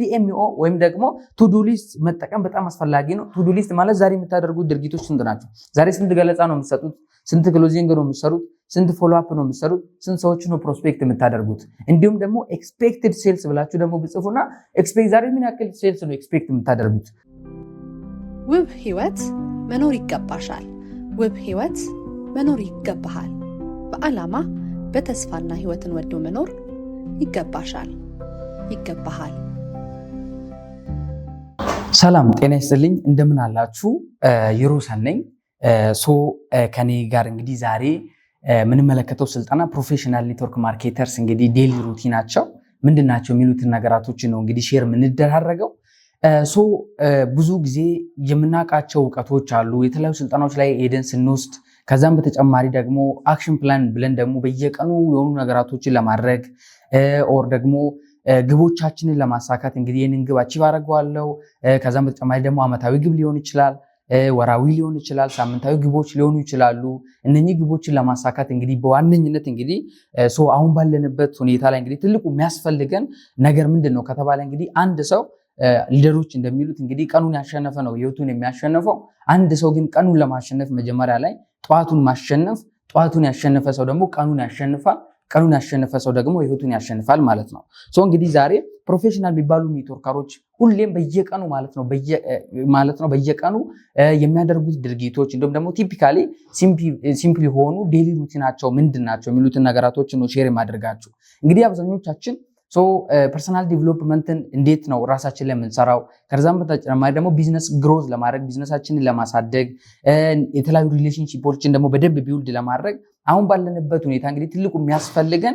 ዲኤምኦ ወይም ደግሞ ቱዱ ሊስት መጠቀም በጣም አስፈላጊ ነው። ቱዱ ሊስት ማለት ዛሬ የምታደርጉት ድርጊቶች ስንት ናቸው? ዛሬ ስንት ገለጻ ነው የምትሰጡት? ስንት ክሎዚንግ ነው የምትሰሩት? ስንት ፎሎአፕ ነው የምትሰሩት? ስንት ሰዎች ነው ፕሮስፔክት የምታደርጉት? እንዲሁም ደግሞ ኤክስፔክትድ ሴልስ ብላችሁ ደግሞ ብጽፉና ዛሬ ምን ያክል ሴልስ ነው ኤክስፔክት የምታደርጉት? ውብ ህይወት መኖር ይገባሻል። ውብ ህይወት መኖር ይገባሃል። በዓላማ በተስፋና ህይወትን ወዶ መኖር ይገባሻል፣ ይገባሃል። ሰላም ጤና ይስጥልኝ፣ እንደምን አላችሁ? ይሮሰን ነኝ። ሶ ከኔ ጋር እንግዲህ ዛሬ የምንመለከተው ስልጠና ፕሮፌሽናል ኔትወርክ ማርኬተርስ እንግዲህ ዴሊ ሩቲናቸው ምንድን ናቸው የሚሉትን ነገራቶችን ነው እንግዲህ ሼር የምንደራረገው። ሶ ብዙ ጊዜ የምናውቃቸው እውቀቶች አሉ የተለያዩ ስልጠናዎች ላይ ሄደን ስንወስድ ከዛም በተጨማሪ ደግሞ አክሽን ፕላን ብለን ደግሞ በየቀኑ የሆኑ ነገራቶችን ለማድረግ ኦር ደግሞ ግቦቻችንን ለማሳካት እንግዲህ ይህንን ግብ አቺቭ አደርገዋለሁ። ከዛም በተጨማሪ ደግሞ ዓመታዊ ግብ ሊሆን ይችላል፣ ወራዊ ሊሆን ይችላል፣ ሳምንታዊ ግቦች ሊሆኑ ይችላሉ። እነኚህ ግቦችን ለማሳካት እንግዲህ በዋነኝነት እንግዲህ አሁን ባለንበት ሁኔታ ላይ እንግዲህ ትልቁ የሚያስፈልገን ነገር ምንድን ነው ከተባለ እንግዲህ አንድ ሰው ሊደሮች እንደሚሉት እንግዲህ ቀኑን ያሸነፈ ነው ህይወቱን የሚያሸንፈው። አንድ ሰው ግን ቀኑን ለማሸነፍ መጀመሪያ ላይ ጠዋቱን ማሸነፍ፣ ጠዋቱን ያሸነፈ ሰው ደግሞ ቀኑን ያሸንፋል። ቀኑን ያሸነፈ ሰው ደግሞ ህይወቱን ያሸንፋል ማለት ነው። እንግዲህ ዛሬ ፕሮፌሽናል የሚባሉ ኔትወርከሮች ሁሌም በየቀኑ ማለት ነው በየቀኑ የሚያደርጉት ድርጊቶች እንዲሁም ደግሞ ቲፒካሊ ሲምፕል የሆኑ ዴሊ ሩቲናቸው ምንድን ናቸው የሚሉትን ነገራቶችን ነው ሼር የማደርጋችሁ። እንግዲህ አብዛኞቻችን ፐርሰናል ዲቨሎፕመንትን እንዴት ነው ራሳችን ለምንሰራው የምንሰራው፣ ከዛም በተጨማሪ ደግሞ ቢዝነስ ግሮዝ ለማድረግ ቢዝነሳችንን ለማሳደግ የተለያዩ ሪሌሽንሽፖችን ደግሞ በደንብ ቢውልድ ለማድረግ አሁን ባለንበት ሁኔታ እንግዲህ ትልቁ የሚያስፈልገን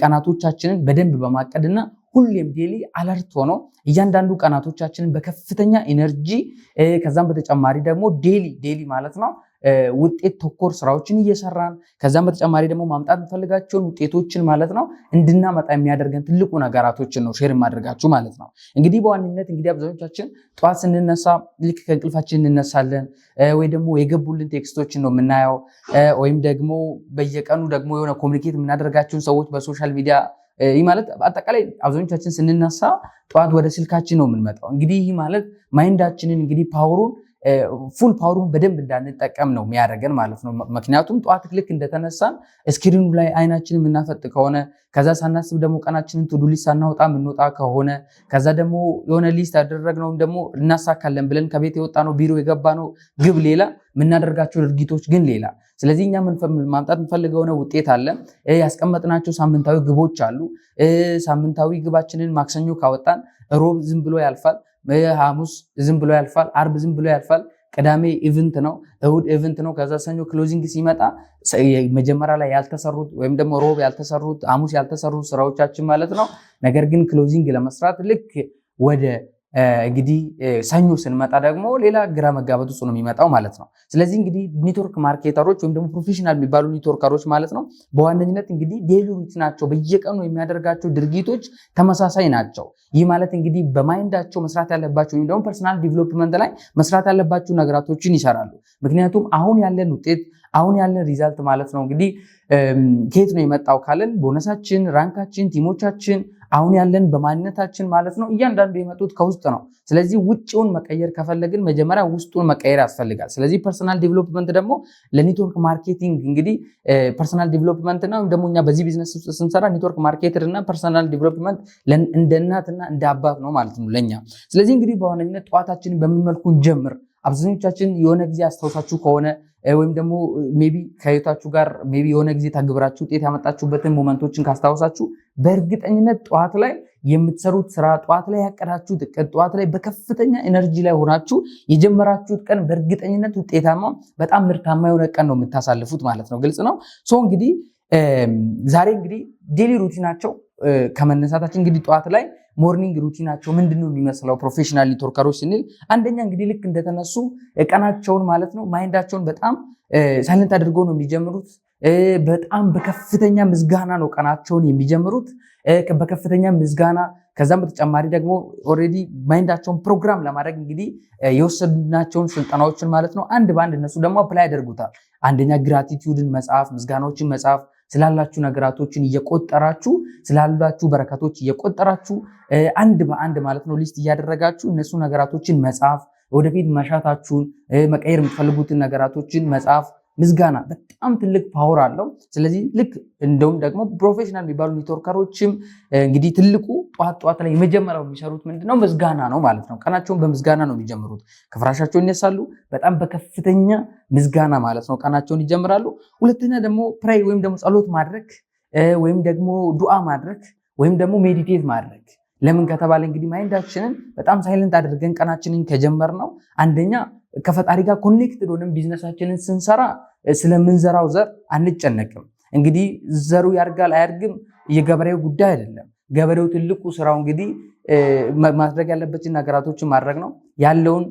ቀናቶቻችንን በደንብ በማቀድና ሁሌም ዴሊ አለርት ሆኖ እያንዳንዱ ቀናቶቻችንን በከፍተኛ ኢነርጂ ከዛም በተጨማሪ ደግሞ ዴሊ ዴሊ ማለት ነው ውጤት ተኮር ስራዎችን እየሰራን ከዛም በተጨማሪ ደግሞ ማምጣት እንፈልጋቸውን ውጤቶችን ማለት ነው እንድናመጣ የሚያደርገን ትልቁ ነገራቶችን ነው ሼር የማደርጋችሁ ማለት ነው። እንግዲህ በዋነኝነት እንግዲህ አብዛኞቻችን ጠዋት ስንነሳ ልክ ከእንቅልፋችን እንነሳለን ወይ ደግሞ የገቡልን ቴክስቶችን ነው የምናየው ወይም ደግሞ በየቀኑ ደግሞ የሆነ ኮሚኒኬት የምናደርጋቸውን ሰዎች በሶሻል ሚዲያ ይህ ማለት አጠቃላይ አብዛኞቻችን ስንነሳ ጠዋት ወደ ስልካችን ነው የምንመጣው። እንግዲህ ይህ ማለት ማይንዳችንን እንግዲህ ፓወሩን ፉል ፓወሩን በደንብ እንዳንጠቀም ነው የሚያደርገን ማለት ነው። ምክንያቱም ጠዋት ልክ እንደተነሳን እስክሪኑ ላይ አይናችን የምናፈጥ ከሆነ ከዛ ሳናስብ ደግሞ ቀናችንን ቱዱ ሊስት ሳናወጣ የምንወጣ ከሆነ ከዛ ደግሞ የሆነ ሊስት ያደረግነው ደግሞ እናሳካለን ብለን ከቤት የወጣ ነው ቢሮ የገባ ነው ግብ ሌላ የምናደርጋቸው ድርጊቶች ግን ሌላ። ስለዚህ እኛ ማምጣት የምንፈልገው የሆነ ውጤት አለ። ያስቀመጥናቸው ሳምንታዊ ግቦች አሉ። ሳምንታዊ ግባችንን ማክሰኞ ካወጣን ሮብ ዝም ብሎ ያልፋል። ሐሙስ ዝም ብሎ ያልፋል፣ አርብ ዝም ብሎ ያልፋል። ቅዳሜ ኢቨንት ነው፣ እሁድ ኢቨንት ነው። ከዛ ሰኞ ክሎዚንግ ሲመጣ መጀመሪያ ላይ ያልተሰሩት ወይም ደግሞ ሮብ ያልተሰሩት ሐሙስ ያልተሰሩት ስራዎቻችን ማለት ነው። ነገር ግን ክሎዚንግ ለመስራት ልክ ወደ እንግዲህ ሰኞ ስንመጣ ደግሞ ሌላ ግራ መጋባት ውስጥ ነው የሚመጣው ማለት ነው። ስለዚህ እንግዲህ ኔትወርክ ማርኬተሮች ወይም ደግሞ ፕሮፌሽናል የሚባሉ ኔትወርከሮች ማለት ነው በዋነኝነት እንግዲህ ዴሊዊት ናቸው። በየቀኑ የሚያደርጋቸው ድርጊቶች ተመሳሳይ ናቸው። ይህ ማለት እንግዲህ በማይንዳቸው መስራት ያለባቸው ወይም ደግሞ ፐርሰናል ዲቨሎፕመንት ላይ መስራት ያለባቸው ነገራቶችን ይሰራሉ። ምክንያቱም አሁን ያለን ውጤት አሁን ያለን ሪዛልት ማለት ነው እንግዲህ ከየት ነው የመጣው ካለን ቦነሳችን፣ ራንካችን፣ ቲሞቻችን አሁን ያለን በማንነታችን ማለት ነው። እያንዳንዱ የመጡት ከውስጥ ነው። ስለዚህ ውጭውን መቀየር ከፈለግን መጀመሪያ ውስጡን መቀየር ያስፈልጋል። ስለዚህ ፐርሰናል ዲቨሎፕመንት ደግሞ ለኔትወርክ ማርኬቲንግ እንግዲህ ፐርሰናል ዲቨሎፕመንት እና ደግሞ እኛ በዚህ ቢዝነስ ስንሰራ ኔትወርክ ማርኬተር እና ፐርሰናል ዲቨሎፕመንት እንደ እናትና እንደ አባት ነው ማለት ነው ለእኛ። ስለዚህ እንግዲህ በዋነኝነት ጠዋታችንን በምንመልኩ ጀምር አብዛኞቻችን የሆነ ጊዜ አስታውሳችሁ ከሆነ ወይም ደግሞ ሜቢ ከህይወታችሁ ጋር ቢ የሆነ ጊዜ ተግብራችሁ ውጤት ያመጣችሁበትን ሞመንቶችን ካስታወሳችሁ በእርግጠኝነት ጠዋት ላይ የምትሰሩት ስራ ጠዋት ላይ ያቀዳችሁት እቅድ ጠዋት ላይ በከፍተኛ ኤነርጂ ላይ ሆናችሁ የጀመራችሁት ቀን በእርግጠኝነት ውጤታማ በጣም ምርታማ የሆነ ቀን ነው የምታሳልፉት ማለት ነው። ግልጽ ነው። ሶ እንግዲህ ዛሬ እንግዲህ ዴሊ ሩቲናቸው ከመነሳታችን እንግዲህ ጠዋት ላይ ሞርኒንግ ሩቲናቸው ምንድን ነው የሚመስለው ፕሮፌሽናል ኔትወርከሮች ስንል አንደኛ እንግዲህ ልክ እንደተነሱ ቀናቸውን ማለት ነው ማይንዳቸውን በጣም ሳይለንት አድርገው ነው የሚጀምሩት። በጣም በከፍተኛ ምዝጋና ነው ቀናቸውን የሚጀምሩት በከፍተኛ ምዝጋና ከዛም በተጨማሪ ደግሞ ኦልሬዲ ማይንዳቸውን ፕሮግራም ለማድረግ እንግዲህ የወሰድናቸውን ስልጠናዎችን ማለት ነው አንድ በአንድ እነሱ ደግሞ አፕላይ ያደርጉታል። አንደኛ ግራቲቲዩድን መጽሐፍ፣ ምዝጋናዎችን መጽሐፍ ስላላችሁ ነገራቶችን እየቆጠራችሁ ስላላችሁ በረከቶች እየቆጠራችሁ አንድ በአንድ ማለት ነው ሊስት እያደረጋችሁ እነሱ ነገራቶችን መጻፍ ወደፊት መሻታችሁን መቀየር የምትፈልጉትን ነገራቶችን መጻፍ ምዝጋና በጣም ትልቅ ፓወር አለው። ስለዚህ ልክ እንደውም ደግሞ ፕሮፌሽናል የሚባሉ ኔትወርከሮችም እንግዲህ ትልቁ ጠዋት ጠዋት ላይ የመጀመሪያው የሚሰሩት ምንድነው ምዝጋና ነው ማለት ነው። ቀናቸውን በምዝጋና ነው የሚጀምሩት። ከፍራሻቸው ይነሳሉ፣ በጣም በከፍተኛ ምዝጋና ማለት ነው ቀናቸውን ይጀምራሉ። ሁለተኛ ደግሞ ፕሬይ ወይም ደግሞ ጸሎት ማድረግ ወይም ደግሞ ዱዓ ማድረግ ወይም ደግሞ ሜዲቴት ማድረግ ለምን ከተባለ እንግዲህ ማይንዳችንን በጣም ሳይለንት አድርገን ቀናችንን ከጀመር ነው አንደኛ ከፈጣሪ ጋር ኮኔክትድ ሆነን ቢዝነሳችንን ስንሰራ ስለምንዘራው ዘር አንጨነቅም። እንግዲህ ዘሩ ያድጋል አያድግም የገበሬው ጉዳይ አይደለም። ገበሬው ትልቁ ስራው እንግዲህ ማድረግ ያለበትን ነገራቶችን ማድረግ ነው። ያለውን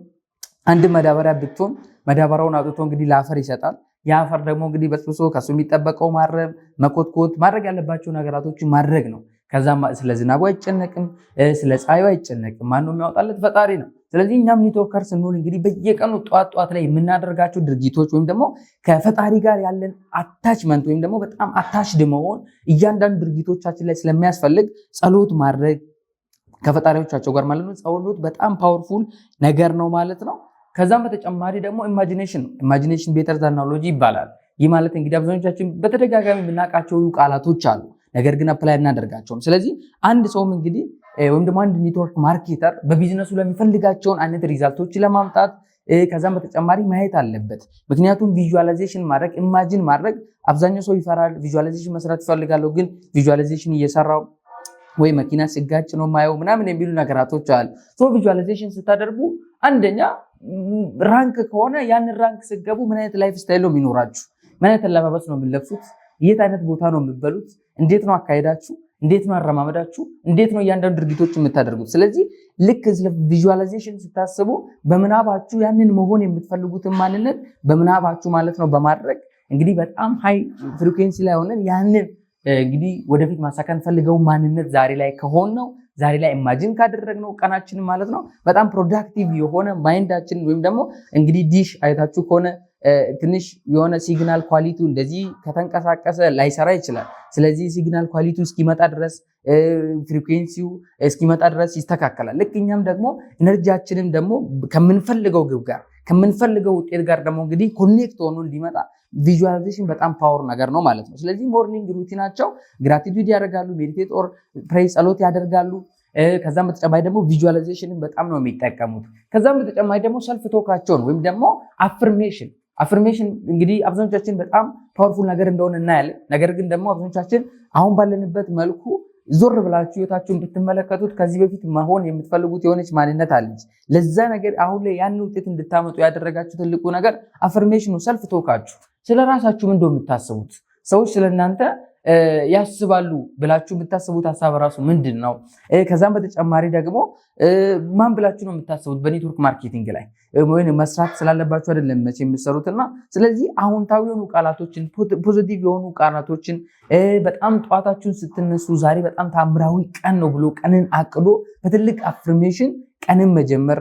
አንድ መዳበሪያ ብትሆን መዳበሪያውን አውጥቶ እንግዲህ ለአፈር ይሰጣል። የአፈር ደግሞ እንግዲህ በጥብሶ ከሱ የሚጠበቀው ማረም፣ መኮትኮት፣ ማድረግ ያለባቸው ነገራቶችን ማድረግ ነው። ከዛም ስለ ዝናቡ አይጨነቅም፣ ስለ ፀሐዩ አይጨነቅም። ማነው የሚያወጣለት? ፈጣሪ ነው። ስለዚህ እኛም ኔትወርከር ስንሆን እንግዲህ በየቀኑ ጠዋት ጠዋት ላይ የምናደርጋቸው ድርጊቶች ወይም ደግሞ ከፈጣሪ ጋር ያለን አታችመንት ወይም ደግሞ በጣም አታችድ መሆን እያንዳንዱ ድርጊቶቻችን ላይ ስለሚያስፈልግ ጸሎት ማድረግ ከፈጣሪዎቻቸው ጋር ማለት ነው። ጸሎት በጣም ፓወርፉል ነገር ነው ማለት ነው። ከዛም በተጨማሪ ደግሞ ኢማጂኔሽን ኢማጂኔሽን ቤተር ዛናሎጂ ይባላል። ይህ ማለት እንግዲህ አብዛኞቻችን በተደጋጋሚ የምናውቃቸው ቃላቶች አሉ፣ ነገር ግን አፕላይ እናደርጋቸውም። ስለዚህ አንድ ሰውም እንግዲህ ወይም ደግሞ አንድ ኔትወርክ ማርኬተር በቢዝነሱ ለሚፈልጋቸውን አይነት ሪዛልቶች ለማምጣት ከዛም በተጨማሪ ማየት አለበት። ምክንያቱም ቪዥዋላይዜሽን ማድረግ ኢማጂን ማድረግ አብዛኛው ሰው ይፈራል። ቪዥዋላይዜሽን መስራት ይፈልጋለሁ፣ ግን ቪዥዋላይዜሽን እየሰራው ወይ መኪና ሲጋጭ ነው ማየው ምናምን የሚሉ ነገራቶች አሉ። ሶ ቪዥዋላይዜሽን ስታደርጉ አንደኛ ራንክ ከሆነ ያንን ራንክ ስገቡ ምን አይነት ላይፍ ስታይል ነው የሚኖራችሁ? ምን አይነት አለባበስ ነው የምለብሱት የት አይነት ቦታ ነው የምበሉት? እንዴት ነው አካሄዳችሁ? እንዴት ነው አረማመዳችሁ? እንዴት ነው እያንዳንዱ ድርጊቶች የምታደርጉት? ስለዚህ ልክ ስለ ቪዥዋላይዜሽን ስታስቡ በምናባችሁ ያንን መሆን የምትፈልጉትን ማንነት በምናባችሁ ማለት ነው በማድረግ እንግዲህ በጣም ሀይ ፍሪኩዌንሲ ላይ ሆነን ያንን እንግዲህ ወደፊት ማሳካት ፈልገው ማንነት ዛሬ ላይ ከሆን ነው ዛሬ ላይ ኢማጂን ካደረግነው ቀናችን ማለት ነው በጣም ፕሮዳክቲቭ የሆነ ማይንዳችን ወይም ደግሞ እንግዲህ ዲሽ አይታችሁ ከሆነ ትንሽ የሆነ ሲግናል ኳሊቲ እንደዚህ ከተንቀሳቀሰ ላይሰራ ይችላል። ስለዚህ ሲግናል ኳሊቲ እስኪመጣ ድረስ ፍሪኩዌንሲው እስኪመጣ ድረስ ይስተካከላል። ልክ እኛም ደግሞ ኤነርጂያችንም ደግሞ ከምንፈልገው ግብ ጋር ከምንፈልገው ውጤት ጋር ደግሞ እንግዲህ ኮኔክት ሆኖ እንዲመጣ ቪዥዋላይዜሽን በጣም ፓወር ነገር ነው ማለት ነው። ስለዚህ ሞርኒንግ ሩቲናቸው ግራቲቱድ ያደርጋሉ፣ ሜዲቴት ኦር ፕሬይ ጸሎት ያደርጋሉ። ከዛም በተጨማሪ ደግሞ ቪዥዋላይዜሽንን በጣም ነው የሚጠቀሙት። ከዛም በተጨማሪ ደግሞ ሰልፍ ቶካቸውን ወይም ደግሞ አፍርሜሽን አፍርሜሽን እንግዲህ አብዛኞቻችን በጣም ፓወርፉል ነገር እንደሆነ እናያለን። ነገር ግን ደግሞ አብዛኞቻችን አሁን ባለንበት መልኩ ዞር ብላችሁ ህይወታችሁን ብትመለከቱት ከዚህ በፊት መሆን የምትፈልጉት የሆነች ማንነት አለች። ለዛ ነገር አሁን ላይ ያን ውጤት እንድታመጡ ያደረጋችሁ ትልቁ ነገር አፍርሜሽኑ ሰልፍ ቶካችሁ ስለ ራሳችሁ ምንድን የምታስቡት ሰዎች ስለ እናንተ ያስባሉ ብላችሁ የምታስቡት ሀሳብ ራሱ ምንድን ነው? ከዛም በተጨማሪ ደግሞ ማን ብላችሁ ነው የምታስቡት? በኔትወርክ ማርኬቲንግ ላይ ወይም መስራት ስላለባችሁ አይደለም መቼ የምትሰሩትና። ስለዚህ አዎንታዊ የሆኑ ቃላቶችን፣ ፖዚቲቭ የሆኑ ቃላቶችን በጣም ጠዋታችሁን ስትነሱ ዛሬ በጣም ታምራዊ ቀን ነው ብሎ ቀንን አቅዶ በትልቅ አፍርሜሽን ቀንን መጀመር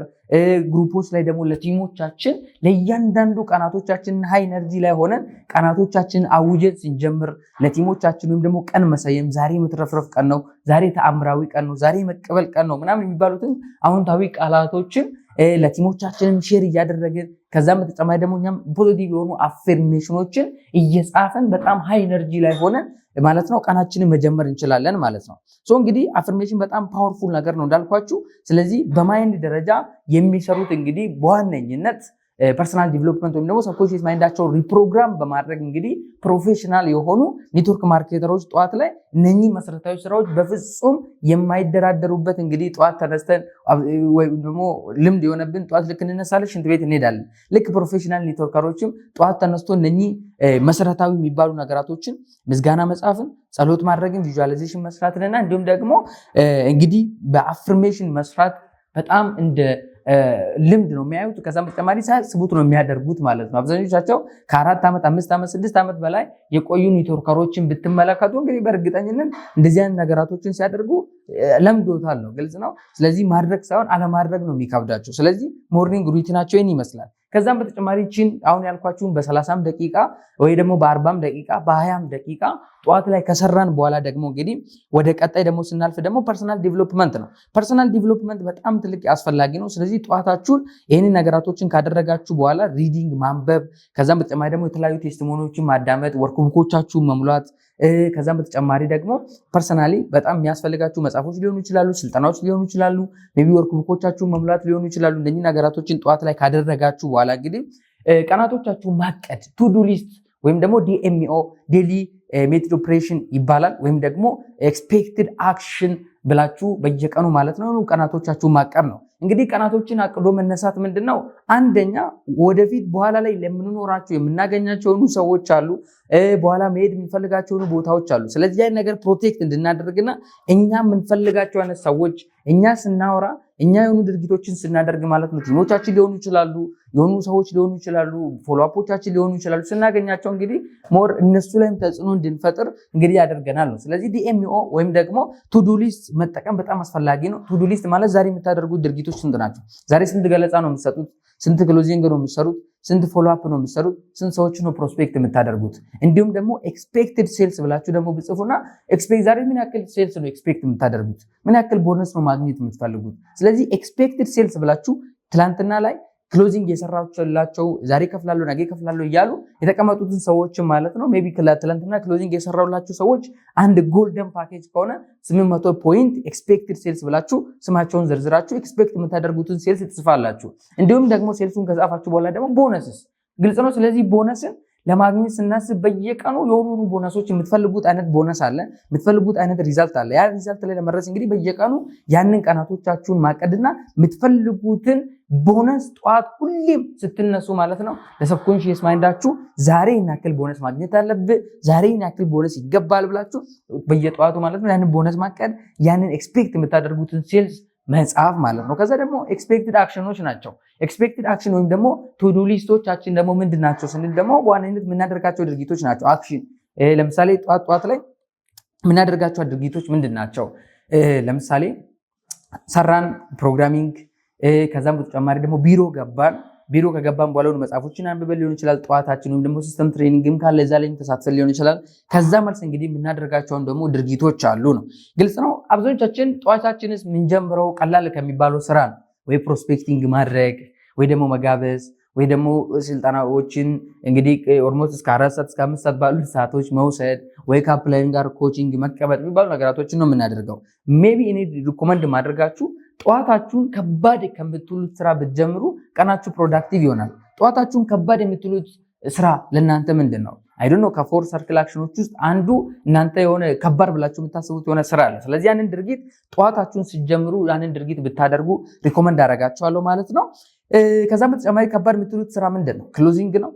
ግሩፖች ላይ ደግሞ ለቲሞቻችን ለእያንዳንዱ ቀናቶቻችን ሀይ ኤነርጂ ላይ ሆነን ቀናቶቻችን አውጀን ስንጀምር ለቲሞቻችን ወይም ደግሞ ቀን መሰየም ዛሬ መትረፍረፍ ቀን ነው፣ ዛሬ ተአምራዊ ቀን ነው፣ ዛሬ መቀበል ቀን ነው ምናምን የሚባሉትን አዎንታዊ ቃላቶችን ለቲሞቻችንም ሼር እያደረግን ከዛም በተጨማሪ ደግሞ እኛም ፖዚቲቭ የሆኑ አፌርሜሽኖችን እየጻፈን በጣም ሃይ ኤነርጂ ላይ ሆነን ማለት ነው ቀናችንን መጀመር እንችላለን ማለት ነው። ሶ እንግዲህ አፍርሜሽን በጣም ፓወርፉል ነገር ነው እንዳልኳችሁ። ስለዚህ በማይንድ ደረጃ የሚሰሩት እንግዲህ በዋነኝነት ፐርሰናል ዲቨሎፕመንት ወይም ደግሞ ሰብኮንሽስ ማይንዳቸው ሪፕሮግራም በማድረግ እንግዲህ ፕሮፌሽናል የሆኑ ኔትወርክ ማርኬተሮች ጠዋት ላይ እነኚህ መሰረታዊ ስራዎች በፍጹም የማይደራደሩበት እንግዲህ ጠዋት ተነስተን ወይም ደግሞ ልምድ የሆነብን ጠዋት ልክ እንነሳለን፣ ሽንት ቤት እንሄዳለን። ልክ ፕሮፌሽናል ኔትወርከሮችም ጠዋት ተነስቶ እነኚህ መሰረታዊ የሚባሉ ነገራቶችን ምስጋና መጻፍን፣ ጸሎት ማድረግን፣ ቪዥዋላይዜሽን መስራትንና እንዲሁም ደግሞ እንግዲህ በአፍርሜሽን መስራት በጣም እንደ ልምድ ነው የሚያዩት። ከዛም በተጨማሪ ስቡት ነው የሚያደርጉት ማለት ነው። አብዛኞቻቸው ከአራት ዓመት አምስት ዓመት ስድስት ዓመት በላይ የቆዩ ኔትወርከሮችን ብትመለከቱ እንግዲህ በእርግጠኝነት እንደዚህ አይነት ነገራቶችን ሲያደርጉ ለምዶታል ነው፣ ግልጽ ነው። ስለዚህ ማድረግ ሳይሆን አለማድረግ ነው የሚከብዳቸው። ስለዚህ ሞርኒንግ ሩቲናቸው ይህን ይመስላል። ከዛም በተጨማሪ ቺን አሁን ያልኳችሁን በሰላሳም ደቂቃ ወይ ደግሞ በአርባም ደቂቃ በሀያም ደቂቃ ጠዋት ላይ ከሰራን በኋላ ደግሞ እንግዲህ ወደ ቀጣይ ደግሞ ስናልፍ ደግሞ ፐርሰናል ዲቨሎፕመንት ነው። ፐርሰናል ዲቨሎፕመንት በጣም ትልቅ አስፈላጊ ነው። ስለዚህ ጠዋታችሁን ይህንን ነገራቶችን ካደረጋችሁ በኋላ ሪዲንግ ማንበብ፣ ከዛም በተጨማሪ ደግሞ የተለያዩ ቴስቲሞኒዎችን ማዳመጥ፣ ወርክቡኮቻችሁን መሙላት ከዛም በተጨማሪ ደግሞ ፐርሰናሊ በጣም የሚያስፈልጋችሁ መጽሐፎች ሊሆኑ ይችላሉ፣ ስልጠናዎች ሊሆኑ ይችላሉ፣ ቢ ወርክ ቡኮቻችሁን መሙላት ሊሆኑ ይችላሉ። እነዚህ ነገራቶችን ጠዋት ላይ ካደረጋችሁ በኋላ እንግዲህ ቀናቶቻችሁ ማቀድ ቱዱ ሊስት ወይም ደግሞ ዲኤምኦ ዴሊ ሜትድ ኦፕሬሽን ይባላል። ወይም ደግሞ ኤክስፔክትድ አክሽን ብላችሁ በየቀኑ ማለት ነው ቀናቶቻችሁ ማቀድ ነው። እንግዲህ ቀናቶችን አቅዶ መነሳት ምንድን ነው? አንደኛ ወደፊት በኋላ ላይ ለምንኖራቸው የምናገኛቸው ሰዎች አሉ፣ በኋላ መሄድ የምንፈልጋቸው ቦታዎች አሉ። ስለዚህ ያን ነገር ፕሮቴክት እንድናደርግና እኛ የምንፈልጋቸው አይነት ሰዎች እኛ ስናወራ እኛ የሆኑ ድርጊቶችን ስናደርግ ማለት ነው ቲሞቻችን ሊሆኑ ይችላሉ፣ የሆኑ ሰዎች ሊሆኑ ይችላሉ፣ ፎሎአፖቻችን ሊሆኑ ይችላሉ። ስናገኛቸው እንግዲህ ሞር እነሱ ላይም ተጽዕኖ እንድንፈጥር እንግዲህ ያደርገናል ነው። ስለዚህ ዲኤምኦ ወይም ደግሞ ቱዱ ሊስት መጠቀም በጣም አስፈላጊ ነው። ቱዱ ሊስት ማለት ዛሬ የምታደርጉት ድርጊቶች ስንት ናቸው? ዛሬ ስንት ገለጻ ነው የምትሰጡት? ስንት ክሎዚንግ ነው የምትሰሩት? ስንት ፎሎአፕ ነው የምትሰሩት? ስንት ሰዎች ነው ፕሮስፔክት የምታደርጉት? እንዲሁም ደግሞ ኤክስፔክትድ ሴልስ ብላችሁ ደግሞ ብጽፉና ዛሬ ምን ያክል ሴልስ ነው ኤክስፔክት የምታደርጉት? ምን ያክል ቦነስ ነው ማግኘት የምትፈልጉት? ስለዚህ ኤክስፔክትድ ሴልስ ብላችሁ ትላንትና ላይ ክሎዚንግ የሰራችላቸው ዛሬ ከፍላሉ ነገ ከፍላሉ እያሉ የተቀመጡትን ሰዎችን ማለት ነው። ቢ ትላንትና ክሎዚንግ የሰራውላችሁ ሰዎች አንድ ጎልደን ፓኬጅ ከሆነ 800 ፖይንት ኤክስፔክትድ ሴልስ ብላችሁ ስማቸውን ዘርዝራችሁ ኤክስፔክት የምታደርጉትን ሴልስ ትጽፋላችሁ። እንዲሁም ደግሞ ሴልሱን ከጻፋችሁ በኋላ ደግሞ ቦነስስ ግልጽ ነው። ስለዚህ ቦነስን ለማግኘት ስናስብ በየቀኑ የሁሉ ቦነሶች የምትፈልጉት አይነት ቦነስ አለ፣ የምትፈልጉት አይነት ሪዛልት አለ። ያ ሪዛልት ላይ ለመድረስ እንግዲህ በየቀኑ ያንን ቀናቶቻችሁን ማቀድና የምትፈልጉትን ቦነስ ጠዋት ሁሌም ስትነሱ ማለት ነው ለሰብኮንሽስ ማይንዳችሁ ዛሬ ያክል ቦነስ ማግኘት አለብ፣ ዛሬ ያክል ቦነስ ይገባል ብላችሁ በየጠዋቱ ማለት ነው ያንን ቦነስ ማቀድ ያንን ኤክስፔክት የምታደርጉትን ሴልስ መጽሐፍ ማለት ነው። ከዛ ደግሞ ኤክስፔክትድ አክሽኖች ናቸው። ኤክስፔክትድ አክሽን ወይም ደግሞ ቱዱ ሊስቶቻችን ደግሞ ምንድን ናቸው ስንል ደግሞ በዋነኝነት የምናደርጋቸው ድርጊቶች ናቸው። አክሽን ለምሳሌ ጠዋት ጠዋት ላይ የምናደርጋቸው ድርጊቶች ምንድን ናቸው? ለምሳሌ ሰራን ፕሮግራሚንግ፣ ከዛም በተጨማሪ ደግሞ ቢሮ ገባን ቢሮ ከገባን በኋላ መጽሐፎችን አንብበን ሊሆን ይችላል። ጠዋታችን ወይም ደግሞ ሲስተም ትሬኒንግም ካለ እዛ ላይ ተሳትፈን ሊሆን ይችላል። ከዛ መልስ እንግዲህ የምናደርጋቸውን ደግሞ ድርጊቶች አሉ ነው። ግልጽ ነው። አብዛኞቻችን ጠዋታችንስ ምንጀምረው ቀላል ከሚባለው ስራ ነው። ወይ ፕሮስፔክቲንግ ማድረግ ወይ ደግሞ መጋበዝ ወይ ደግሞ ስልጠናዎችን እንግዲህ ኦልሞስት እስከ አራት ሰዓት እስከ አምስት ሰዓት ባሉት ሰዓቶች መውሰድ ወይ ከአፕላይን ጋር ኮቺንግ መቀመጥ የሚባሉ ነገራቶችን ነው የምናደርገው። ሜቢ እኔ ሪኮመንድ ማድረጋችሁ ጠዋታችሁን ከባድ ከምትሉት ስራ ብትጀምሩ ቀናችሁ ፕሮዳክቲቭ ይሆናል። ጠዋታችሁን ከባድ የምትሉት ስራ ለእናንተ ምንድን ነው? አይዶ ነው። ከፎር ሰርክል አክሽኖች ውስጥ አንዱ እናንተ የሆነ ከባድ ብላችሁ የምታስቡት የሆነ ስራ አለ። ስለዚህ ያንን ድርጊት ጠዋታችሁን ሲጀምሩ ያንን ድርጊት ብታደርጉ ሪኮመንድ አደርጋችኋለሁ ማለት ነው። ከዛም በተጨማሪ ከባድ የምትሉት ስራ ምንድን ነው? ክሎዚንግ ነው፣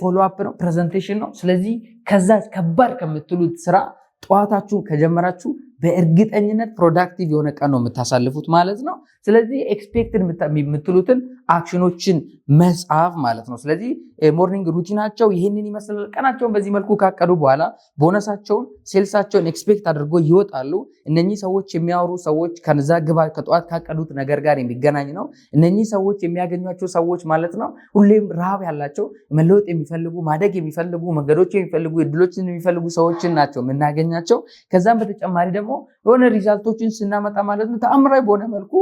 ፎሎ አፕ ነው፣ ፕሬዘንቴሽን ነው። ስለዚህ ከዛ ከባድ ከምትሉት ስራ ጠዋታችሁን ከጀመራችሁ በእርግጠኝነት ፕሮዳክቲቭ የሆነ ቀን ነው የምታሳልፉት ማለት ነው። ስለዚህ ኤክስፔክትድ የምትሉትን አክሽኖችን መጻፍ ማለት ነው። ስለዚህ ሞርኒንግ ሩቲናቸው ይህንን ይመስላል። ቀናቸውን በዚህ መልኩ ካቀዱ በኋላ ቦነሳቸውን፣ ሴልሳቸውን ኤክስፔክት አድርጎ ይወጣሉ። እነኚህ ሰዎች የሚያወሩ ሰዎች ከዛ ግባ ከጠዋት ካቀዱት ነገር ጋር የሚገናኝ ነው። እነኚህ ሰዎች የሚያገኟቸው ሰዎች ማለት ነው ሁሌም ረሃብ ያላቸው መለወጥ የሚፈልጉ ማደግ የሚፈልጉ መንገዶች የሚፈልጉ እድሎችን የሚፈልጉ ሰዎችን ናቸው የምናገኛቸው። ከዛም በተጨማሪ ደግሞ የሆነ ሪዛልቶችን ስናመጣ ማለት ነው ተአምራዊ በሆነ መልኩ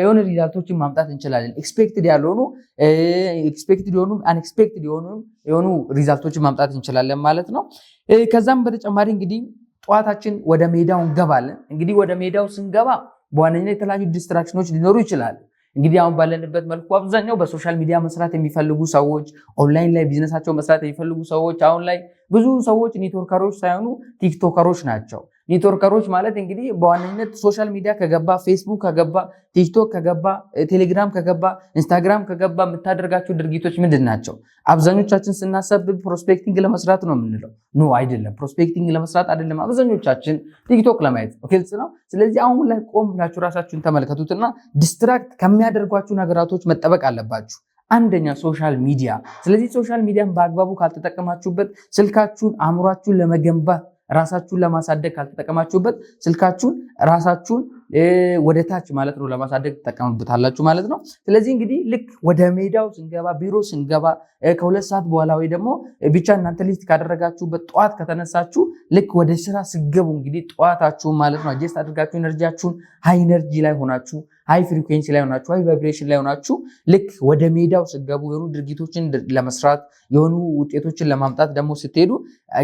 የሆነ ሪዛልቶችን ማምጣት እንችላለን። ኤክስፔክትድ ያልሆኑ ኤክስፔክትድ የሆኑ አንኤክስፔክትድ የሆኑ ሪዛልቶችን ማምጣት እንችላለን ማለት ነው። ከዛም በተጨማሪ እንግዲህ ጠዋታችን ወደ ሜዳው እንገባለን። እንግዲህ ወደ ሜዳው ስንገባ በዋነኛ የተለያዩ ዲስትራክሽኖች ሊኖሩ ይችላሉ። እንግዲህ አሁን ባለንበት መልኩ አብዛኛው በሶሻል ሚዲያ መስራት የሚፈልጉ ሰዎች፣ ኦንላይን ላይ ቢዝነሳቸው መስራት የሚፈልጉ ሰዎች አሁን ላይ ብዙ ሰዎች ኔትወርከሮች ሳይሆኑ ቲክቶከሮች ናቸው። ኔትወርከሮች ማለት እንግዲህ በዋነኝነት ሶሻል ሚዲያ ከገባ ፌስቡክ ከገባ ቲክቶክ ከገባ ቴሌግራም ከገባ ኢንስታግራም ከገባ የምታደርጋቸው ድርጊቶች ምንድን ናቸው? አብዛኞቻችን ስናሰብ ፕሮስፔክቲንግ ለመስራት ነው የምንለው። ኖ አይደለም፣ ፕሮስፔክቲንግ ለመስራት አይደለም። አብዛኞቻችን ቲክቶክ ለማየት ግልጽ ነው። ስለዚህ አሁን ላይ ቆም ብላችሁ ራሳችሁን ተመልከቱትና ዲስትራክት ከሚያደርጓችሁ ነገራቶች መጠበቅ አለባችሁ። አንደኛ ሶሻል ሚዲያ። ስለዚህ ሶሻል ሚዲያን በአግባቡ ካልተጠቀማችሁበት ስልካችሁን አእምሯችሁን ለመገንባት ራሳችሁን ለማሳደግ ካልተጠቀማችሁበት ስልካችሁን ራሳችሁን ወደ ታች ማለት ነው ለማሳደግ ትጠቀምበታላችሁ ማለት ነው። ስለዚህ እንግዲህ ልክ ወደ ሜዳው ስንገባ፣ ቢሮ ስንገባ ከሁለት ሰዓት በኋላ ወይ ደግሞ ብቻ እናንተ ሊስት ካደረጋችሁበት ጠዋት ከተነሳችሁ ልክ ወደ ስራ ስገቡ እንግዲህ ጠዋታችሁን ማለት ነው አጀስት አድርጋችሁ ኤነርጂያችሁን ሃይ ኤነርጂ ላይ ሆናችሁ ሃይ ፍሪኩዌንሲ ላይ ሆናችሁ ሃይ ቫይብሬሽን ላይ ሆናችሁ ልክ ወደ ሜዳው ስገቡ የሆኑ ድርጊቶችን ለመስራት የሆኑ ውጤቶችን ለማምጣት ደግሞ ስትሄዱ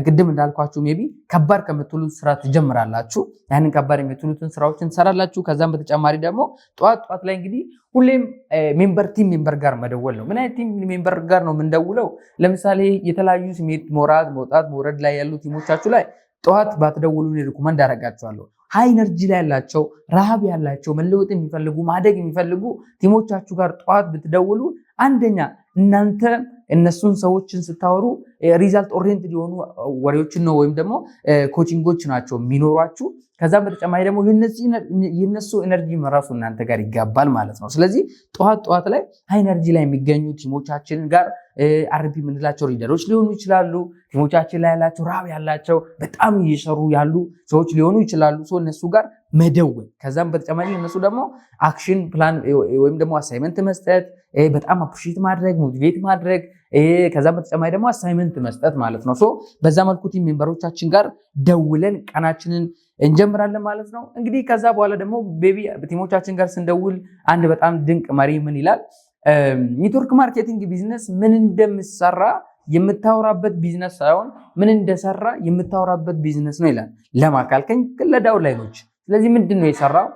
ቅድም እንዳልኳችሁ ሜቢ ከባድ ከምትሉት ስራ ትጀምራላችሁ። ያንን ከባድ የምትሉትን ስራዎችን ትሰራላችሁ። ከዛም በተጨማሪ ደግሞ ጠዋት ጠዋት ላይ እንግዲህ ሁሌም ሜምበር ቲም ሜምበር ጋር መደወል ነው። ምን አይነት ቲም ሜምበር ጋር ነው የምንደውለው? ለምሳሌ የተለያዩ ስሜት መውራት መውጣት መውረድ ላይ ያሉ ቲሞቻችሁ ላይ ጠዋት ባትደውሉ ሪኮመንድ ያደርጋችኋለሁ። ሀይ ኤነርጂ ላይ ያላቸው ረሃብ ያላቸው መለወጥ የሚፈልጉ ማደግ የሚፈልጉ ቲሞቻችሁ ጋር ጠዋት ብትደውሉ አንደኛ እናንተ እነሱን ሰዎችን ስታወሩ ሪዛልት ኦሪንትድ የሆኑ ወሬዎችን ነው ወይም ደግሞ ኮቺንጎች ናቸው የሚኖሯችሁ። ከዛም በተጨማሪ ደግሞ የነሱ ኤነርጂ መራሱ እናንተ ጋር ይጋባል ማለት ነው። ስለዚህ ጠዋት ጠዋት ላይ ሀይ ኤነርጂ ላይ የሚገኙ ቲሞቻችን ጋር አርቢ የምንላቸው ሊደሮች ሊሆኑ ይችላሉ። ቲሞቻችን ላይ ያላቸው ራብ ያላቸው በጣም እየሰሩ ያሉ ሰዎች ሊሆኑ ይችላሉ። ሰው እነሱ ጋር መደወል ከዛም በተጨማሪ እነሱ ደግሞ አክሽን ፕላን ወይም ደግሞ አሳይመንት መስጠት በጣም አፕሪሺየት ማድረግ ሞቲቬት ማድረግ፣ ከዛ በተጨማሪ ደግሞ አሳይመንት መስጠት ማለት ነው። ሶ በዛ መልኩ ቲም ሜምበሮቻችን ጋር ደውለን ቀናችንን እንጀምራለን ማለት ነው። እንግዲህ ከዛ በኋላ ደግሞ ቤቢ ቲሞቻችን ጋር ስንደውል አንድ በጣም ድንቅ መሪ ምን ይላል ኔትወርክ ማርኬቲንግ ቢዝነስ ምን እንደምሰራ የምታወራበት ቢዝነስ ሳይሆን ምን እንደሰራ የምታወራበት ቢዝነስ ነው ይላል። ለማካልከኝ ላይኖች። ስለዚህ ምንድን ነው የሰራው?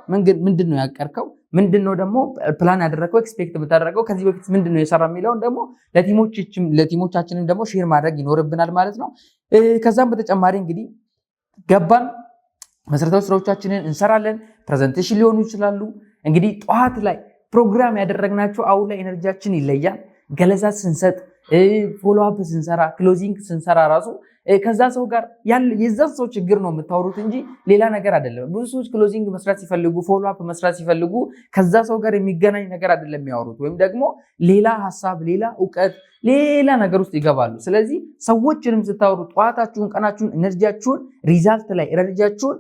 ምንድን ነው ያቀርከው? ምንድነው ደግሞ ፕላን ያደረገው ኤክስፔክት የምታደረገው ከዚህ በፊት ምንድነው የሰራ የሚለውን ደግሞ ለቲሞቻችንም ደግሞ ሼር ማድረግ ይኖርብናል ማለት ነው። ከዛም በተጨማሪ እንግዲህ ገባን መሰረታዊ ስራዎቻችንን እንሰራለን። ፕሬዘንቴሽን ሊሆኑ ይችላሉ። እንግዲህ ጠዋት ላይ ፕሮግራም ያደረግናቸው አሁን ላይ ኤነርጂያችን ይለያል። ገለዛ ስንሰጥ ፎሎ አፕ ስንሰራ ክሎዚንግ ስንሰራ ራሱ ከዛ ሰው ጋር የዛን ሰው ችግር ነው የምታወሩት እንጂ ሌላ ነገር አይደለም። ብዙ ሰዎች ክሎዚንግ መስራት ሲፈልጉ ፎሎአፕ መስራት ሲፈልጉ ከዛ ሰው ጋር የሚገናኝ ነገር አይደለም የሚያወሩት፣ ወይም ደግሞ ሌላ ሀሳብ፣ ሌላ እውቀት፣ ሌላ ነገር ውስጥ ይገባሉ። ስለዚህ ሰዎችንም ስታወሩ ጠዋታችሁን፣ ቀናችሁን፣ ኤነርጂያችሁን ሪዛልት ላይ ኤነርጂያችሁን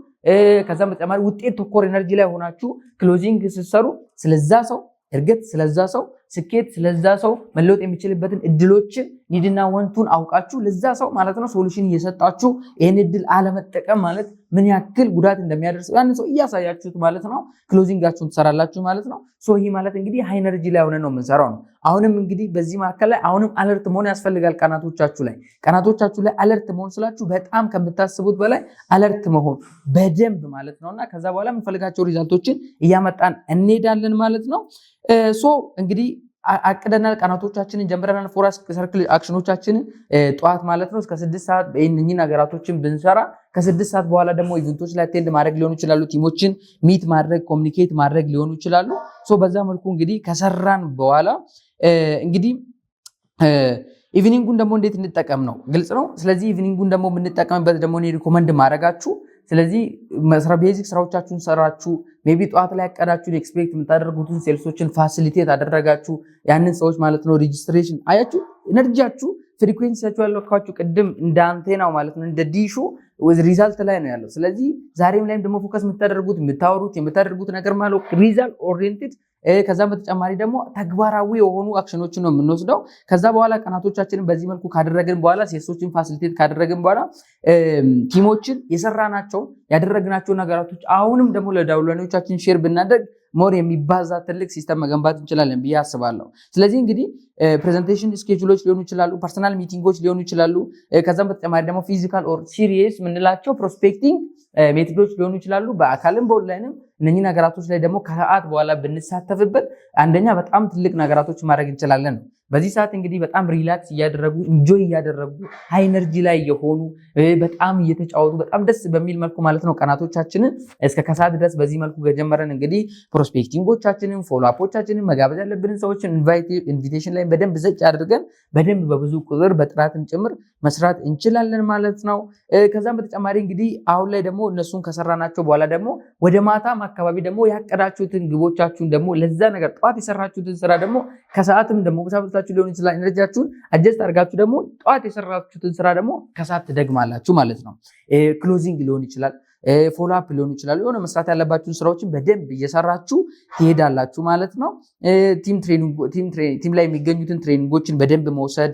ከዛ በተጨማሪ ውጤት ተኮር ኤነርጂ ላይ ሆናችሁ ክሎዚንግ ስትሰሩ ስለዛ ሰው እርግጥ ስለዛ ሰው ስኬት ስለዛ ሰው መለወጥ የሚችልበትን እድሎችን ኒድና ወንቱን አውቃችሁ ለዛ ሰው ማለት ነው ሶሉሽን እየሰጣችሁ ይህን እድል አለመጠቀም ማለት ምን ያክል ጉዳት እንደሚያደርሰው ያን ሰው እያሳያችሁት ማለት ነው። ክሎዚንጋችሁን ትሰራላችሁ ማለት ነው። ሶ ይህ ማለት እንግዲህ ሃይ ኤነርጂ ላይ ሆነ ነው የምንሰራው ነው። አሁንም እንግዲህ በዚህ መካከል ላይ አሁንም አለርት መሆን ያስፈልጋል። ቀናቶቻችሁ ላይ ቀናቶቻችሁ ላይ አለርት መሆን ስላችሁ በጣም ከምታስቡት በላይ አለርት መሆን በደንብ ማለት ነው። እና ከዛ በኋላ የምንፈልጋቸው ሪዛልቶችን እያመጣን እንሄዳለን ማለት ነው። ሶ እንግዲህ አቅደናል። ቀናቶቻችንን ጀምረናል። ፎረስት ሰርክል አክሽኖቻችንን ጠዋት ማለት ነው እስከ ስድስት ሰዓት ይህንኝን ሀገራቶችን ብንሰራ ከስድስት ሰዓት በኋላ ደግሞ ኢቨንቶች ላይ ቴልድ ማድረግ ሊሆኑ ይችላሉ። ቲሞችን ሚት ማድረግ ኮሚኒኬት ማድረግ ሊሆኑ ይችላሉ። በዛ መልኩ እንግዲህ ከሰራን በኋላ እንግዲህ ኢቭኒንጉን ደግሞ እንዴት እንጠቀም ነው ግልጽ ነው። ስለዚህ ኢቭኒንጉን ደግሞ የምንጠቀምበት ደግሞ ሪኮመንድ ማድረጋችሁ ስለዚህ ቤዚክ ስራዎቻችሁን ሰራችሁ፣ ሜቢ ጠዋት ላይ ያቀዳችሁን ኤክስፔክት የምታደርጉትን ሴልሶችን ፋሲሊቴት አደረጋችሁ። ያንን ሰዎች ማለት ነው ሬጅስትሬሽን አያችሁ፣ ኤነርጂያችሁ ፍሪኩዌንሲያችሁ ያለካችሁ ቅድም እንደ አንቴናው ማለት ነው እንደ ዲሹ ሪዛልት ላይ ነው ያለው። ስለዚህ ዛሬም ላይም ደግሞ ፎከስ የምታደርጉት የምታወሩት የምታደርጉት ነገር ማለት ሪዛልት ኦሪየንቴድ ከዛም በተጨማሪ ደግሞ ተግባራዊ የሆኑ አክሽኖችን ነው የምንወስደው። ከዛ በኋላ ቀናቶቻችንን በዚህ መልኩ ካደረግን በኋላ ሴሶችን ፋሲሊቴት ካደረግን በኋላ ቲሞችን የሰራናቸውን ያደረግናቸው ነገራቶች አሁንም ደግሞ ለዳውላኔዎቻችን ሼር ብናደርግ ሞር የሚባዛ ትልቅ ሲስተም መገንባት እንችላለን ብዬ አስባለሁ። ስለዚህ እንግዲህ ፕሬዘንቴሽን ስኬጁሎች ሊሆኑ ይችላሉ፣ ፐርሰናል ሚቲንጎች ሊሆኑ ይችላሉ። ከዛም በተጨማሪ ደግሞ ፊዚካል ኦር ሲሪየስ የምንላቸው ፕሮስፔክቲንግ ሜትዶች ሊሆኑ ይችላሉ። በአካልም በኦንላይንም እነኚህ ነገራቶች ላይ ደግሞ ከሰዓት በኋላ ብንሳተፍበት አንደኛ በጣም ትልቅ ነገራቶች ማድረግ እንችላለን ነው በዚህ ሰዓት እንግዲህ በጣም ሪላክስ እያደረጉ ኢንጆይ እያደረጉ ሃይ ኤነርጂ ላይ የሆኑ በጣም እየተጫወቱ በጣም ደስ በሚል መልኩ ማለት ነው ቀናቶቻችንን እስከ ከሰዓት ድረስ በዚህ መልኩ ከጀመረን እንግዲህ ፕሮስፔክቲንጎቻችንን፣ ፎሎአፖቻችንን መጋበዝ ያለብንን ሰዎችን ኢንቪቴሽን ላይ በደንብ ዘጭ አድርገን በደንብ በብዙ ቁጥር በጥራትም ጭምር መስራት እንችላለን ማለት ነው። ከዛም በተጨማሪ እንግዲህ አሁን ላይ ደግሞ እነሱን ከሰራናቸው በኋላ ደግሞ ወደ ማታም አካባቢ ደግሞ ያቀዳችሁትን ግቦቻችሁን ደግሞ ለዛ ነገር ጠዋት የሰራችሁትን ስራ ደግሞ ከሰዓትም ደግሞ ሰርታችሁ ሊሆን ይችላል። ኢነርጂያችሁን አጀስት አድርጋችሁ ደግሞ ጠዋት የሰራችሁትን ስራ ደግሞ ከሰዓት ትደግማላችሁ ማለት ነው። ክሎዚንግ ሊሆን ይችላል፣ ፎሎአፕ ሊሆን ይችላል። የሆነ መስራት ያለባችሁን ስራዎችን በደንብ እየሰራችሁ ትሄዳላችሁ ማለት ነው። ቲም ላይ የሚገኙትን ትሬኒንጎችን በደንብ መውሰድ፣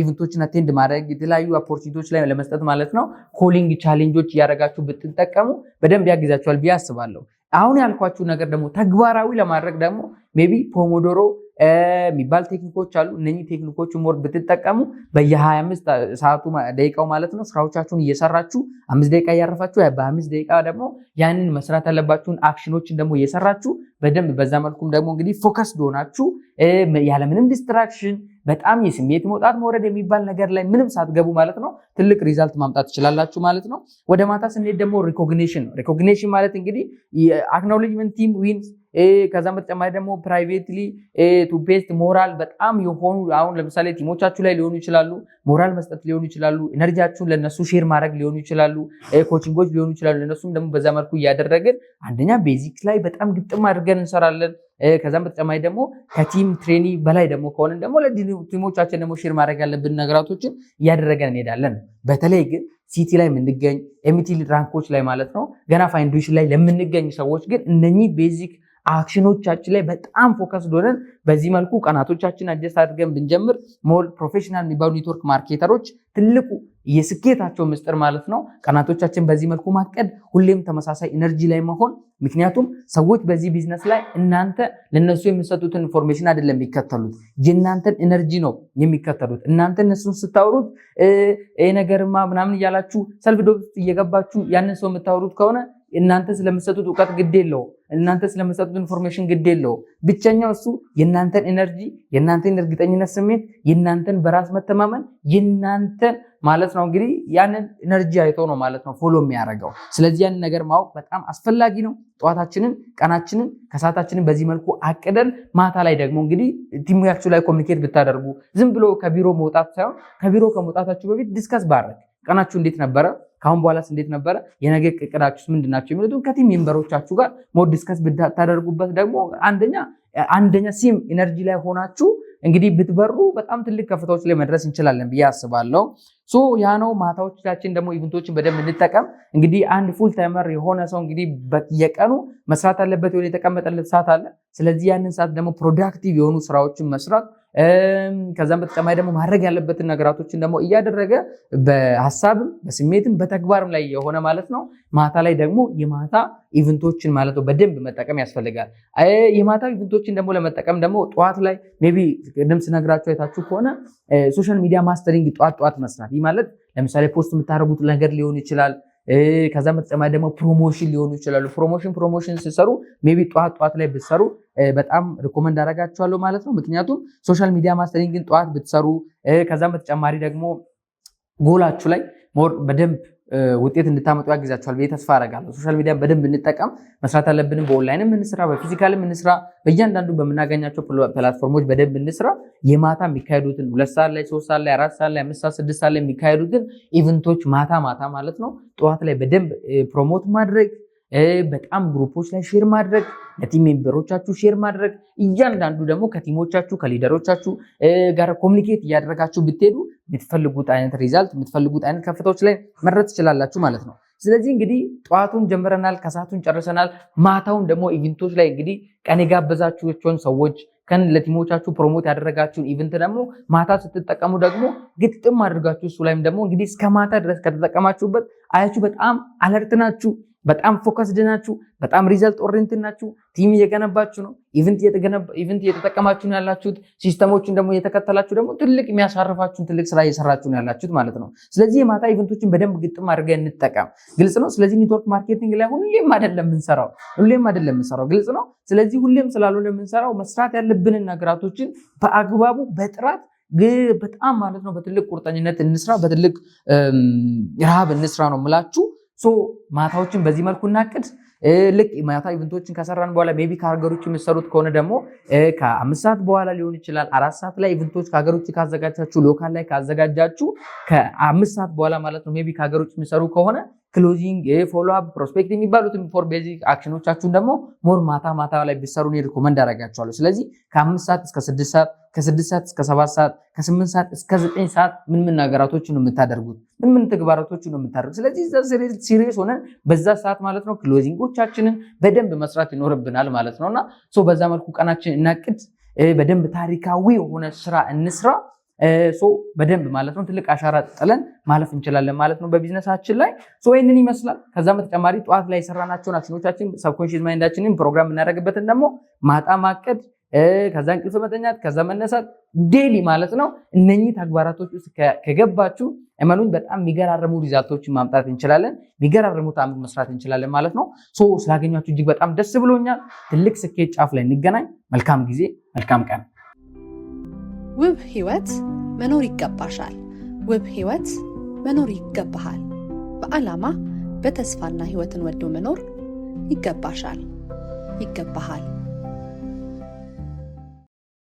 ኢቨንቶችን አቴንድ ማድረግ፣ የተለያዩ ኦፖርቹኒቲዎች ላይ ለመስጠት ማለት ነው። ኮሊንግ ቻሌንጆች እያደረጋችሁ ብትጠቀሙ በደንብ ያግዛችኋል ብዬ አስባለሁ። አሁን ያልኳችሁ ነገር ደግሞ ተግባራዊ ለማድረግ ደግሞ ቢ ፖሞዶሮ የሚባል ቴክኒኮች አሉ። እነኚህ ቴክኒኮች ሞር ብትጠቀሙ በየ25 ሰዓቱ ደቂቃው ማለት ነው ስራዎቻችሁን እየሰራችሁ አምስት ደቂቃ እያረፋችሁ በአምስት ደቂቃ ደግሞ ያንን መስራት ያለባችሁን አክሽኖችን ደግሞ እየሰራችሁ በደንብ በዛ መልኩም ደግሞ እንግዲህ ፎከስ ሆናችሁ ያለምንም ዲስትራክሽን በጣም የስሜት መውጣት መውረድ የሚባል ነገር ላይ ምንም ሳትገቡ ማለት ነው ትልቅ ሪዛልት ማምጣት ትችላላችሁ ማለት ነው። ወደ ማታ ስንሄድ ደግሞ ሪኮግኒሽን ነው። ሪኮግኒሽን ማለት እንግዲህ አክኖሌጅመንት ቲም ዊንስ ከዛም በተጨማሪ ደግሞ ፕራይቬትሊ ቱ ቤስት ሞራል በጣም የሆኑ አሁን ለምሳሌ ቲሞቻችሁ ላይ ሊሆኑ ይችላሉ። ሞራል መስጠት ሊሆኑ ይችላሉ። ኤነርጂያችሁን ለነሱ ሼር ማድረግ ሊሆኑ ይችላሉ። ኮችንጎች ሊሆኑ ይችላሉ። ለነሱም ደግሞ በዛ መልኩ እያደረግን አንደኛ ቤዚክስ ላይ በጣም ግጥም አድርገን እንሰራለን። ከዛም በተጨማሪ ደግሞ ከቲም ትሬኒ በላይ ደግሞ ከሆነ ደግሞ ለቲሞቻችን ደግሞ ሼር ማድረግ ያለብን ነገራቶችን እያደረገን እንሄዳለን። በተለይ ግን ሲቲ ላይ የምንገኝ ኤሚቲ ራንኮች ላይ ማለት ነው ገና ፋይንዱሽን ላይ ለምንገኝ ሰዎች ግን እነኚህ ቤዚክ አክሽኖቻችን ላይ በጣም ፎከስ ሆነን በዚህ መልኩ ቀናቶቻችን አጀስት አድርገን ብንጀምር ሞር ፕሮፌሽናል የሚባሉ ኔትወርክ ማርኬተሮች ትልቁ የስኬታቸው ምስጢር ማለት ነው። ቀናቶቻችን በዚህ መልኩ ማቀድ፣ ሁሌም ተመሳሳይ ኤነርጂ ላይ መሆን። ምክንያቱም ሰዎች በዚህ ቢዝነስ ላይ እናንተ ለነሱ የምሰጡትን ኢንፎርሜሽን አይደለም የሚከተሉት፣ የእናንተን ኤነርጂ ነው የሚከተሉት። እናንተ እነሱን ስታወሩት ነገርማ ምናምን እያላችሁ ሰልፍ ዶብ እየገባችሁ ያንን ሰው የምታወሩት ከሆነ እናንተ ስለምሰጡት እውቀት ግድ የለውም። እናንተ ስለምሰጡት ኢንፎርሜሽን ግድ የለው። ብቸኛው እሱ የእናንተን ኤነርጂ፣ የእናንተን እርግጠኝነት ስሜት፣ የእናንተን በራስ መተማመን፣ የእናንተን ማለት ነው እንግዲህ ያንን ኤነርጂ አይቶ ነው ማለት ነው ፎሎ የሚያደርገው። ስለዚህ ያንን ነገር ማወቅ በጣም አስፈላጊ ነው። ጠዋታችንን፣ ቀናችንን፣ ከሰዓታችንን በዚህ መልኩ አቅደን ማታ ላይ ደግሞ እንግዲህ ቲሙያችሁ ላይ ኮሚኒኬት ብታደርጉ ዝም ብሎ ከቢሮ መውጣት ሳይሆን ከቢሮ ከመውጣታችሁ በፊት ዲስከስ ባረግ ቀናችሁ እንዴት ነበረ? ከአሁን በኋላስ እንዴት ነበረ? የነገ እቅዳችሁስ ምንድናቸው? ናቸው? የሚሉትን ከቲም ሜምበሮቻችሁ ጋር ሞር ዲስከስ ብታደርጉበት ደግሞ አንደኛ አንደኛ ሲም ኢነርጂ ላይ ሆናችሁ እንግዲህ ብትበሩ በጣም ትልቅ ከፍታዎች ላይ መድረስ እንችላለን ብዬ አስባለሁ። ሶ ያ ነው። ማታዎቻችን ደግሞ ኢቨንቶችን በደንብ እንጠቀም። እንግዲህ አንድ ፉል ታይመር የሆነ ሰው እንግዲህ በየቀኑ መስራት አለበት የሆነ የተቀመጠለት ሰዓት አለ። ስለዚህ ያንን ሰዓት ደግሞ ፕሮዳክቲቭ የሆኑ ስራዎችን መስራት ከዛም በተጨማሪ ደግሞ ማድረግ ያለበትን ነገራቶችን ደግሞ እያደረገ በሀሳብም በስሜትም በተግባርም ላይ የሆነ ማለት ነው። ማታ ላይ ደግሞ የማታ ኢቨንቶችን ማለት ነው በደንብ መጠቀም ያስፈልጋል። የማታ ኢቨንቶችን ደግሞ ለመጠቀም ደግሞ ጠዋት ላይ ሜይ ቢ ቅድም ስነግራችሁ አይታችሁ ከሆነ ሶሻል ሚዲያ ማስተሪንግ ጠዋት ጠዋት መስራት ይህ ማለት ለምሳሌ ፖስት የምታደርጉት ነገር ሊሆን ይችላል ከዛም በተጨማሪ ደግሞ ፕሮሞሽን ሊሆኑ ይችላሉ። ፕሮሞሽን ፕሮሞሽን ሲሰሩ ሜይ ቢ ጠዋት ጠዋት ላይ ብትሰሩ በጣም ሪኮመንድ አደርጋችኋለሁ ማለት ነው። ምክንያቱም ሶሻል ሚዲያ ማስተሪንግን ጠዋት ብትሰሩ ከዛ በተጨማሪ ደግሞ ጎላችሁ ላይ በደንብ ውጤት እንድታመጡ ያግዛቸዋል ብዬ ተስፋ አደርጋለሁ። ሶሻል ሚዲያ በደንብ እንጠቀም። መስራት ያለብንም በኦንላይንም እንስራ፣ በፊዚካልም እንስራ፣ በእያንዳንዱ በምናገኛቸው ፕላትፎርሞች በደንብ እንስራ። የማታ የሚካሄዱትን ሁለት ሰዓት ላይ፣ ሶስት ሰዓት ላይ፣ አራት ሰዓት ላይ፣ አምስት ሰዓት፣ ስድስት ሰዓት ላይ የሚካሄዱትን ኢቨንቶች ማታ ማታ ማለት ነው ጠዋት ላይ በደንብ ፕሮሞት ማድረግ በጣም ግሩፖች ላይ ሼር ማድረግ፣ ለቲም ሜምበሮቻችሁ ሼር ማድረግ፣ እያንዳንዱ ደግሞ ከቲሞቻችሁ ከሊደሮቻችሁ ጋር ኮሚኒኬት እያደረጋችሁ ብትሄዱ የምትፈልጉት አይነት ሪዛልት የምትፈልጉት አይነት ከፍታዎች ላይ መድረስ ትችላላችሁ ማለት ነው። ስለዚህ እንግዲህ ጠዋቱን ጀምረናል፣ ከሰዓቱን ጨርሰናል። ማታውን ደግሞ ኢቨንቶች ላይ እንግዲህ ቀን የጋበዛችሁን ሰዎች ከን ለቲሞቻችሁ ፕሮሞት ያደረጋችሁን ኢቨንት ደግሞ ማታ ስትጠቀሙ ደግሞ ግጥም አድርጋችሁ እሱ ላይም ደግሞ እንግዲህ እስከ ማታ ድረስ ከተጠቀማችሁበት አያችሁ በጣም አለርት ናችሁ። በጣም ፎከስድ ናችሁ። በጣም ሪዘልት ኦሪንትድ ናችሁ። ቲም እየገነባችሁ ነው። ኢቨንት እየተጠቀማችሁ ነው ያላችሁት። ሲስተሞችን ደግሞ እየተከተላችሁ ደግሞ ትልቅ የሚያሳርፋችሁን ትልቅ ስራ እየሰራችሁ ነው ያላችሁት ማለት ነው። ስለዚህ የማታ ኢቨንቶችን በደንብ ግጥም አድርገን እንጠቀም። ግልጽ ነው። ስለዚህ ኔትወርክ ማርኬቲንግ ላይ ሁሌም አይደለም የምንሰራው፣ ሁሌም አይደለም የምንሰራው። ግልጽ ነው። ስለዚህ ሁሌም ስላልሆነ የምንሰራው መስራት ያለብንን ነገራቶችን በአግባቡ በጥራት በጣም ማለት ነው በትልቅ ቁርጠኝነት እንስራ፣ በትልቅ ረሃብ እንስራ ነው የምላችሁ። ማታዎችን በዚህ መልኩ እናቅድ። ልክ ማታ ኢቨንቶችን ከሰራን በኋላ ሜይ ቢ ከሀገር ውጭ የምትሰሩት ከሆነ ደግሞ ከአምስት ሰዓት በኋላ ሊሆን ይችላል። አራት ሰዓት ላይ ኢቨንቶች ከሀገር ውጭ ካዘጋጃችሁ፣ ሎካል ላይ ካዘጋጃችሁ ከአምስት ሰዓት በኋላ ማለት ነው። ሜይ ቢ ከሀገር ውጭ የሚሰሩ ከሆነ ክሎዚንግ ፎሎ ፕሮስፔክት የሚባሉትን ፎር ቤዚክ አክሽኖቻችሁን ደግሞ ሞር ማታ ማታ ላይ ቢሰሩ እኔ ሪኮመንድ አደርጋችኋለሁ። ስለዚህ ከአምስት ሰዓት እስከ ስድስት ሰዓት ከስድስት ሰዓት እስከ ሰባት ሰዓት ከስምንት ሰዓት እስከ ዘጠኝ ሰዓት ምን ምን ነገራቶች ነው የምታደርጉት? ምን ምን ተግባራቶች ነው የምታደርጉት? ስለዚህ ሲሪየስ ሆነን በዛ ሰዓት ማለት ነው ክሎዚንጎቻችንን በደንብ መስራት ይኖርብናል ማለት ነው እና በዛ መልኩ ቀናችን እናቅድ። በደንብ ታሪካዊ የሆነ ስራ እንስራ። ሶ በደንብ ማለት ነው ትልቅ አሻራ ጥለን ማለፍ እንችላለን ማለት ነው በቢዝነሳችን ላይ። ሶ ይህንን ይመስላል። ከዛ በተጨማሪ ጠዋት ላይ የሰራናቸውን አክሽኖቻችን ሰብኮንሽስ ማይንዳችንን ፕሮግራም የምናደርግበትን ደግሞ ማጣ ማቀድ ከዛ እንቅልፍ መተኛት ከዛ መነሳት ዴሊ ማለት ነው። እነኚህ ተግባራቶች ውስጥ ከገባችሁ እመኑን በጣም የሚገራረሙ ሪዛልቶችን ማምጣት እንችላለን። የሚገራረሙ ተአምር መስራት እንችላለን ማለት ነው። ስላገኛችሁ እጅግ በጣም ደስ ብሎኛል። ትልቅ ስኬት ጫፍ ላይ እንገናኝ። መልካም ጊዜ፣ መልካም ቀን ውብ ህይወት መኖር ይገባሻል። ውብ ህይወት መኖር ይገባሃል። በዓላማ በተስፋና ህይወትን ወዶ መኖር ይገባሻል፣ ይገባሃል።